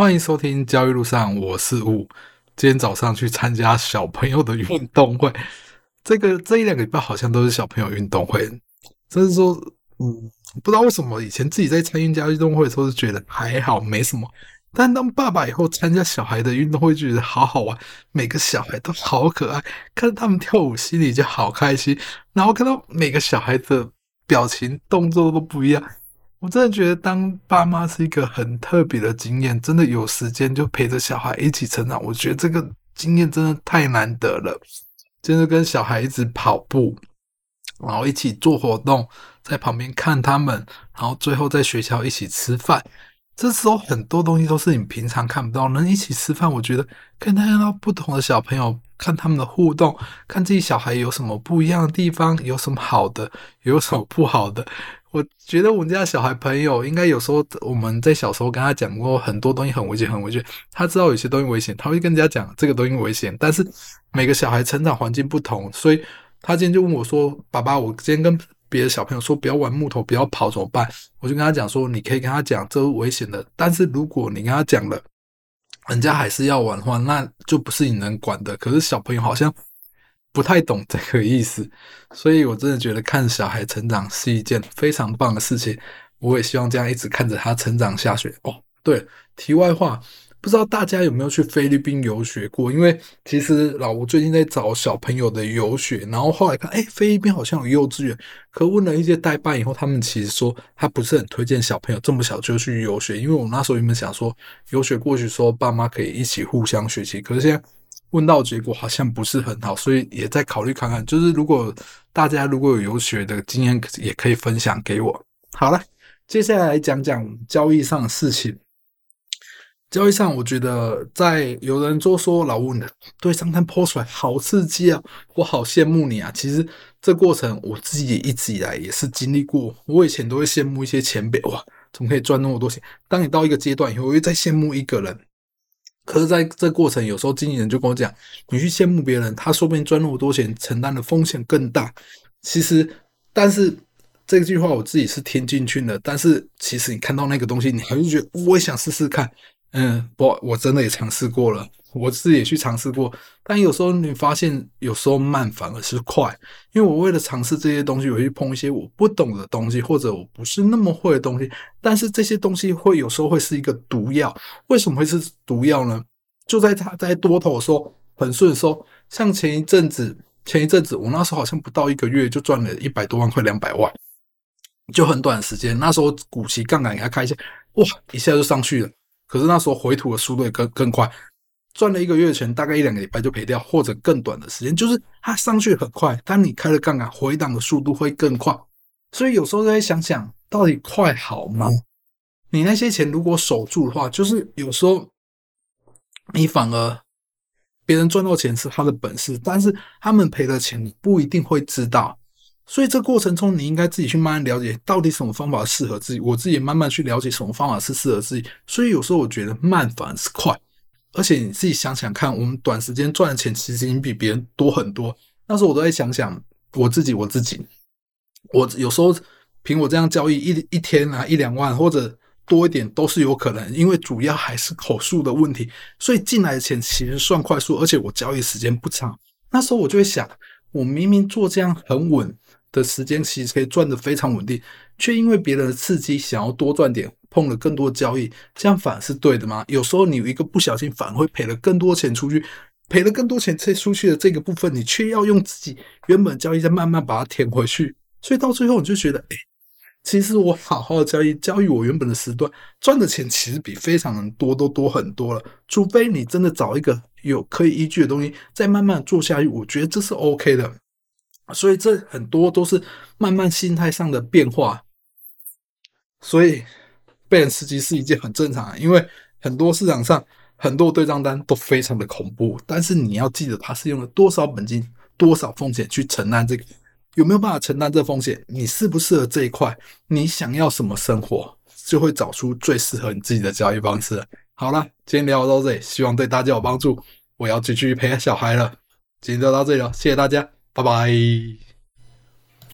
歡迎收聽交易路上，我是霧。今天早上去參加小朋友的運動會，這個這一兩個禮拜好像都是小朋友運動會。就是說，嗯，不知道為什麼以前自己在參與交運動會的時候就覺得還好沒什麼，但當爸爸以後參加小孩的運動會，就覺得好好玩。每個小孩都好可愛，看着他們跳舞心裡就好開心。然後看到每個小孩的表情動作都不一樣。我真的覺得當爸媽是一個很特別的經驗，真的有時間就陪着小孩一起成長，我覺得這個經驗真的太難得了。真的跟小孩一起跑步，然後一起做活動，在旁邊看他們，然後最後在學校一起吃飯。這時候很多東西都是你平常看不到，能一起吃飯，我覺得可以看到不同的小朋友，看他們的互動，看自己小孩有什麼不一樣的地方，有什麼好的，有什麼不好的。我覺得我們家小孩朋友應該有時候我們在小時候跟他講過很多東西很危險很危險，他知道有些東西危險，他會跟人家講這個東西危險。但是每個小孩成長環境不同，所以他今天就問我說：“爸爸，我今天跟別的小朋友說不要玩木頭，不要跑怎麼辦？”我就跟他講說：“你可以跟他講這是危險的，但是如果你跟他講了，人家還是要玩的話，那就不是你能管的。可是小朋友好像……”不太懂這個意思，所以我真的覺得看小孩成長是一件非常棒的事情。我也希望這樣一直看着他成長下去哦。對了，題外話，不知道大家有沒有去菲律賓遊學過？因為其實老吳最近在找小朋友的遊學，然後後來看，誒，菲律賓好像有幼稚園。可問了一些代辦以後，他們其實說他不是很推薦小朋友這麼小就去遊學，因為我那時候原本想說遊學過去，說爸媽可以一起互相學習。可是現在。問到的結果好像不是很好，所以也在考慮看看。就是如果大家如果有遊學的經驗，也可以分享給我。好了，接下來講講交易上的事情。交易上，我覺得在有人就說老吳的對上單拋出來，好刺激啊！我好羨慕你啊！其實這過程我自己也一直以來也是經歷過。我以前都會羨慕一些前輩，哇，怎麼可以賺那麼多錢？當你到一個階段以後，我又在羨慕一個人。可是，在這過程，有時候經紀人就跟我講：“你去羨慕別人，他說不定賺那麼多錢，承擔的風險更大。”其實，但是這句話我自己是聽進去了。但是，其實你看到那個東西，你還是覺得我也想試試看。嗯，不，我真的也嘗試過了。我自己也去嘗試過，但有時候你發現，有時候慢反而是快。因為我為了嘗試這些東西，我去碰一些我不懂的東西，或者我不是那麼會的東西。但是這些東西會有時候會是一個毒藥。為什麼會是毒藥呢？就在他在多頭的時候很順的時候，像前一陣子，前一陣子我那時候好像不到一個月就賺了一百多萬塊，兩百萬，就很短的時間。那時候鼓起槓桿給他開一下，哇，一下就上去了。可是那時候回吐的速度也更更快。賺了一個月的錢，大概一兩個禮拜就賠掉，或者更短的時間。就是它上去很快，但你開了槓桿，回檔的速度會更快。所以有時候在想想，到底快好嗎？你那些錢如果守住的話，就是有時候你反而別人賺到錢是他的本事，但是他們賠的錢你不一定會知道。所以這過程中你應該自己去慢慢了解，到底什麼方法適合自己。我自己慢慢去了解什麼方法是適合自己。所以有時候我覺得慢反而是快。而且你自己想想看，我們短時間賺的錢，其實已經比別人多很多。那時候我都在想想我自己，我自己，我有時候憑我這樣交易一一天啊，一兩萬或者多一點都是有可能，因為主要還是口數的問題。所以進來的錢其實算快速，而且我交易時間不長。那時候我就會想，我明明做這樣很穩。的時間其實可以賺得非常穩定，卻因為別人的刺激，想要多賺點，碰了更多交易，這樣反而是對的嗎？有時候你有一個不小心，反而會賠了更多錢出去，賠了更多錢再出去的這個部分，你卻要用自己原本交易再慢慢把它填回去，所以到最後你就覺得，哎、欸，其實我好好的交易，交易我原本的時段賺的錢其實比非常人多都多很多了。除非你真的找一個有可以依據的東西再慢慢做下去，我覺得這是 OK 的。所以這很多都是慢慢心態上的變化，所以被人刺激是一件很正常。因為很多市場上很多對賬單都非常的恐怖，但是你要記得他是用了多少本金、多少風險去承擔這個，有沒有辦法承擔這風險？你適不適合這一塊？你想要什麼生活，就會找出最適合你自己的交易方式。好了，今天聊到這裡，希望對大家有幫助。我要繼續陪小孩了，今天就到這裡了，謝謝大家。拜拜。